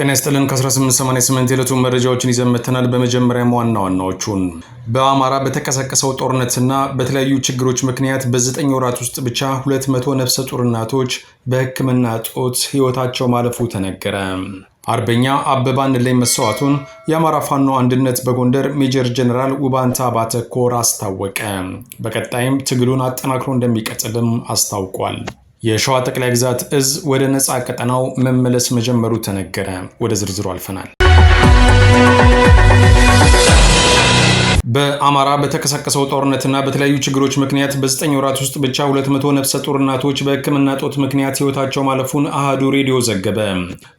ጤና ይስጥልን ከ1888 የዕለቱ መረጃዎችን ይዘን መጥተናል። በመጀመሪያም ዋና ዋናዎቹን በአማራ በተቀሰቀሰው ጦርነትና በተለያዩ ችግሮች ምክንያት በዘጠኝ ወራት ውስጥ ብቻ 200 ነፍሰ ጡር እናቶች በሕክምና እጦት ሕይወታቸው ማለፉ ተነገረ። አርበኛ አበባ ላይ መስዋዕቱን የአማራ ፋኖ አንድነት በጎንደር ሜጀር ጀነራል ውባንታ አባተ ኮር አስታወቀ። በቀጣይም ትግሉን አጠናክሮ እንደሚቀጥልም አስታውቋል። የሸዋ ጠቅላይ ግዛት እዝ ወደ ነፃ ቀጠናው መመለስ መጀመሩ ተነገረ። ወደ ዝርዝሩ አልፈናል። በአማራ በተቀሰቀሰው ጦርነትና በተለያዩ ችግሮች ምክንያት በዘጠኝ ወራት ውስጥ ብቻ 200 ነፍሰ ጡር እናቶች በሕክምና ምክንያት ህይወታቸው ማለፉን አህዱ ሬዲዮ ዘገበ።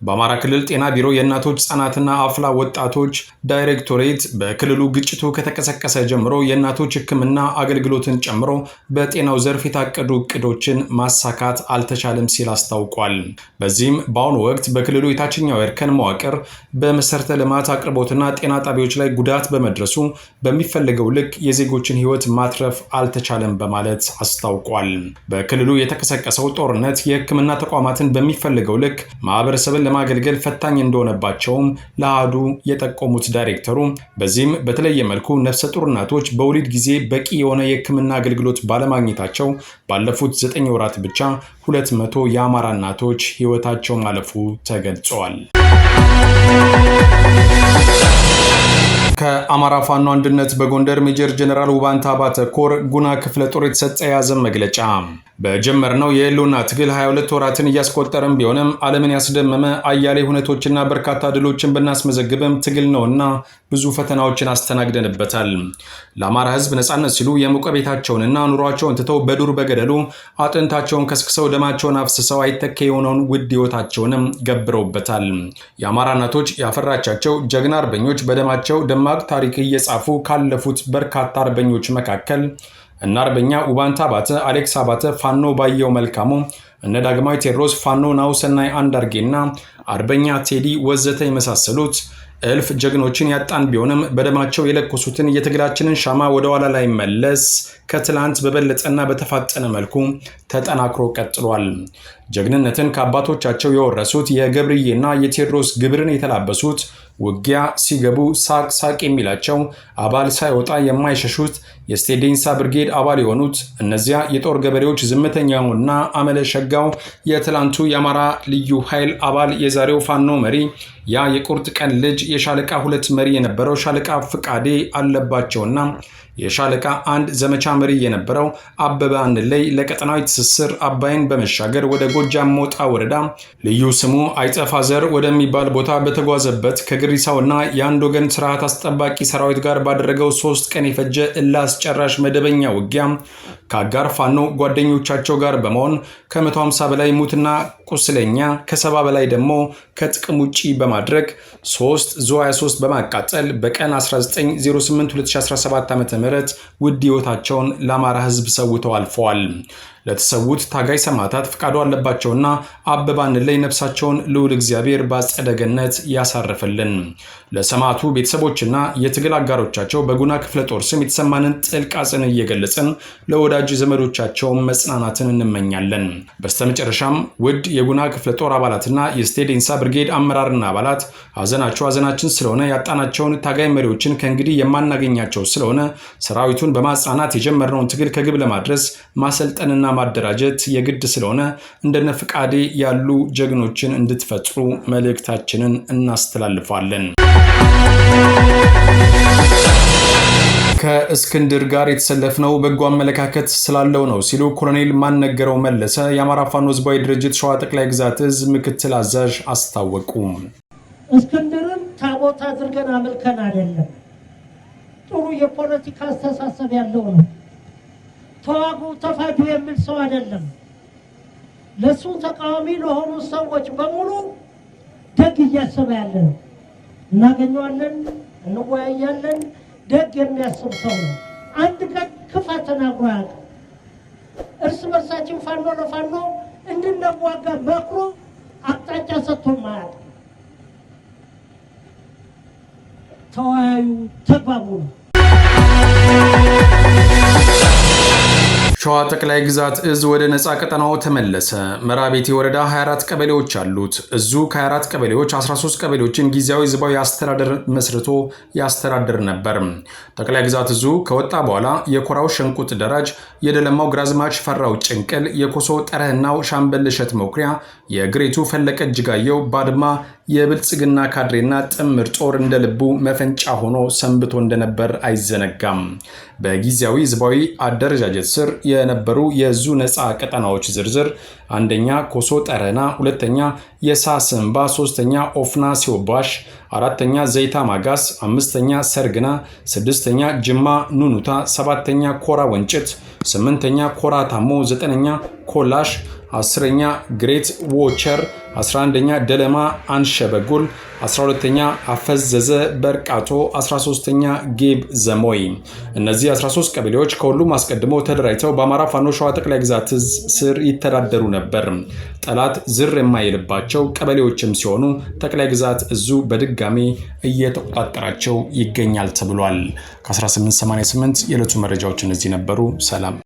በአማራ ክልል ጤና ቢሮ የእናቶች ህጻናትና አፍላ ወጣቶች ዳይሬክቶሬት በክልሉ ግጭቱ ከተቀሰቀሰ ጀምሮ የእናቶች ሕክምና አገልግሎትን ጨምሮ በጤናው ዘርፍ የታቀዱ እቅዶችን ማሳካት አልተቻለም ሲል አስታውቋል። በዚህም በአሁኑ ወቅት በክልሉ የታችኛው እርከን መዋቅር በመሰረተ ልማት አቅርቦትና ጤና ጣቢያዎች ላይ ጉዳት በመድረሱ በሚ በሚፈለገው ልክ የዜጎችን ህይወት ማትረፍ አልተቻለም በማለት አስታውቋል። በክልሉ የተቀሰቀሰው ጦርነት የህክምና ተቋማትን በሚፈለገው ልክ ማህበረሰብን ለማገልገል ፈታኝ እንደሆነባቸውም ለአዱ የጠቆሙት ዳይሬክተሩ በዚህም በተለየ መልኩ ነፍሰ ጡር እናቶች በወሊድ ጊዜ በቂ የሆነ የህክምና አገልግሎት ባለማግኘታቸው ባለፉት ዘጠኝ ወራት ብቻ ሁለት መቶ የአማራ እናቶች ህይወታቸው ማለፉ ተገልጿል። የአማራ ፋኖ አንድነት በጎንደር ሜጀር ጀነራል ውባንታ አባተ ኮር ጉና ክፍለ ጦር የተሰጠ የያዘ መግለጫ በጀመርነው የህልውና ትግል 22 ወራትን እያስቆጠረም ቢሆንም ዓለምን ያስደመመ አያሌ ሁነቶችና በርካታ ድሎችን ብናስመዘግብም ትግል ነውና ብዙ ፈተናዎችን አስተናግደንበታል። ለአማራ ህዝብ ነጻነት ሲሉ የሙቀ ቤታቸውንና ኑሯቸውን ትተው በዱር በገደሉ አጥንታቸውን ከስክሰው ደማቸውን አፍስሰው አይተካ የሆነውን ውድ ህይወታቸውንም ገብረውበታል። የአማራ እናቶች ያፈራቻቸው ጀግና አርበኞች በደማቸው ደማቅ ታሪክ እየጻፉ ካለፉት በርካታ አርበኞች መካከል እነ አርበኛ ውባንታ አባተ፣ አሌክስ አባተ፣ ፋኖ ባየው መልካሙ፣ እነ ዳግማዊ ቴዎድሮስ፣ ፋኖ ናሁሰናይ አንዳርጌና አርበኛ ቴዲ ወዘተ የመሳሰሉት እልፍ ጀግኖችን ያጣን ቢሆንም በደማቸው የለኮሱትን የትግላችንን ሻማ ወደ ኋላ ላይ መለስ ከትላንት በበለጠና በተፋጠነ መልኩ ተጠናክሮ ቀጥሏል። ጀግንነትን ከአባቶቻቸው የወረሱት የገብርዬና የቴዎድሮስ ግብርን የተላበሱት ውጊያ ሲገቡ ሳቅ ሳቅ የሚላቸው አባል ሳይወጣ የማይሸሹት የስቴዴንሳ ብርጌድ አባል የሆኑት እነዚያ የጦር ገበሬዎች ዝምተኛውና አመለ ሸጋው የትላንቱ የአማራ ልዩ ኃይል አባል የዛሬው ፋኖ መሪ ያ የቁርጥ ቀን ልጅ የሻለቃ ሁለት መሪ የነበረው ሻለቃ ፍቃዴ አለባቸውና የሻለቃ አንድ ዘመቻ መሪ የነበረው አበበ አንድ ላይ ለቀጠናዊ ትስስር አባይን በመሻገር ወደ ጎጃም ሞጣ ወረዳ ልዩ ስሙ አይጠፋ ዘር ወደሚባል ቦታ በተጓዘበት ከግሪሳውና የአንድ ወገን ስርዓት አስጠባቂ ሰራዊት ጋር ባደረገው ሶስት ቀን የፈጀ እላስ አስጨራሽ መደበኛ ውጊያ ከአጋር ፋኖ ጓደኞቻቸው ጋር በመሆን ከ150 በላይ ሙትና ቁስለኛ ከ70 በላይ ደግሞ ከጥቅም ውጪ በማድረግ 3 ዙ 23 በማቃጠል በቀን 1908 2017 ዓ ም ውድ ህይወታቸውን ለአማራ ህዝብ ሰውተው አልፈዋል። ለተሰዉት ታጋይ ሰማዕታት ፍቃዱ አለባቸውና አበባን ላይ ነፍሳቸውን ልዑል እግዚአብሔር በአጸደ ገነት ያሳረፈልን። ለሰማዕቱ ቤተሰቦችና የትግል አጋሮቻቸው በጉና ክፍለ ጦር ስም የተሰማንን ጥልቅ እየገለጽን ለወዳጅ ዘመዶቻቸው መጽናናትን እንመኛለን። በስተመጨረሻም ውድ የጉና ክፍለ ጦር አባላትና የስቴዴንሳ ብርጌድ አመራርና አባላት ሐዘናቸው ሀዘናችን ስለሆነ ያጣናቸውን ታጋይ መሪዎችን ከእንግዲህ የማናገኛቸው ስለሆነ ሰራዊቱን በማጽናናት የጀመርነውን ትግል ከግብ ለማድረስ ማሰልጠንና ማደራጀት የግድ ስለሆነ እንደነ ፍቃዴ ያሉ ጀግኖችን እንድትፈጥሩ መልእክታችንን እናስተላልፋለን። ከእስክንድር ጋር የተሰለፍነው በጎ አመለካከት ስላለው ነው ሲሉ ኮሎኔል ማነገረው መለሰ የአማራ ፋኖ ህዝባዊ ድርጅት ሸዋ ጠቅላይ ግዛት እዝ ምክትል አዛዥ አስታወቁ። እስክንድርን ታቦት አድርገን አምልከን አይደለም። ጥሩ የፖለቲካ አስተሳሰብ ያለው ነው። ተዋጉ ተፋቱ የሚል ሰው አይደለም። ለእሱ ተቃዋሚ ለሆኑ ሰዎች በሙሉ ደግ እያሰበ ያለ ነው። እናገኘዋለን፣ እንወያያለን። ደግ የሚያስብ ሰው ነው። አንድ ቀን ክፋት ተናግሮ አያውቅም። እርስ በርሳችን ፋኖ ለፋኖ እንድንዋጋ መክሮ አቅጣጫ ሰጥቶም አያውቅም። ተወያዩ፣ ተግባቡ ነው። ሸዋ ጠቅላይ ግዛት እዝ ወደ ነፃ ቀጠናው ተመለሰ። መራቤቴ ወረዳ 24 ቀበሌዎች አሉት። እዙ ከ24 ቀበሌዎች 13 ቀበሌዎችን ጊዜያዊ ዝባዊ አስተዳደር መስርቶ ያስተዳድር ነበር። ጠቅላይ ግዛት እዙ ከወጣ በኋላ የኮራው ሸንቁጥ ደራጅ፣ የደለማው ግራዝማች ፈራው ጭንቅል፣ የኮሶ ጠረህናው ሻምበል እሸት መኩሪያ፣ የግሬቱ ፈለቀ እጅጋየው ባድማ የብልጽግና ካድሬና ጥምር ጦር እንደ ልቡ መፈንጫ ሆኖ ሰንብቶ እንደነበር አይዘነጋም። በጊዜያዊ ህዝባዊ አደረጃጀት ስር የነበሩ የዙ ነፃ ቀጠናዎች ዝርዝር አንደኛ ኮሶ ጠረና፣ ሁለተኛ የሳስንባ፣ ሶስተኛ ኦፍና ሲወባሽ፣ አራተኛ ዘይታ ማጋስ፣ አምስተኛ ሰርግና፣ ስድስተኛ ጅማ ኑኑታ፣ ሰባተኛ ኮራ ወንጭት፣ ስምንተኛ ኮራ ታሞ፣ ዘጠነኛ ኮላሽ አስረኛ ግሬት ዎቸር፣ 11ኛ ደለማ አንሸበጉል፣ 12ኛ አፈዘዘ በርቃቶ፣ 13ኛ ጌብ ዘሞይ። እነዚህ 13 ቀበሌዎች ከሁሉም አስቀድሞ ተደራጅተው በአማራ ፋኖ ሸዋ ጠቅላይ ግዛት እዝ ስር ይተዳደሩ ነበር። ጠላት ዝር የማይልባቸው ቀበሌዎችም ሲሆኑ ጠቅላይ ግዛት እዙ በድጋሜ እየተቆጣጠራቸው ይገኛል ተብሏል። ከ1888 የዕለቱ መረጃዎች እነዚህ ነበሩ። ሰላም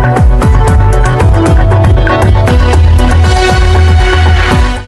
Thank you.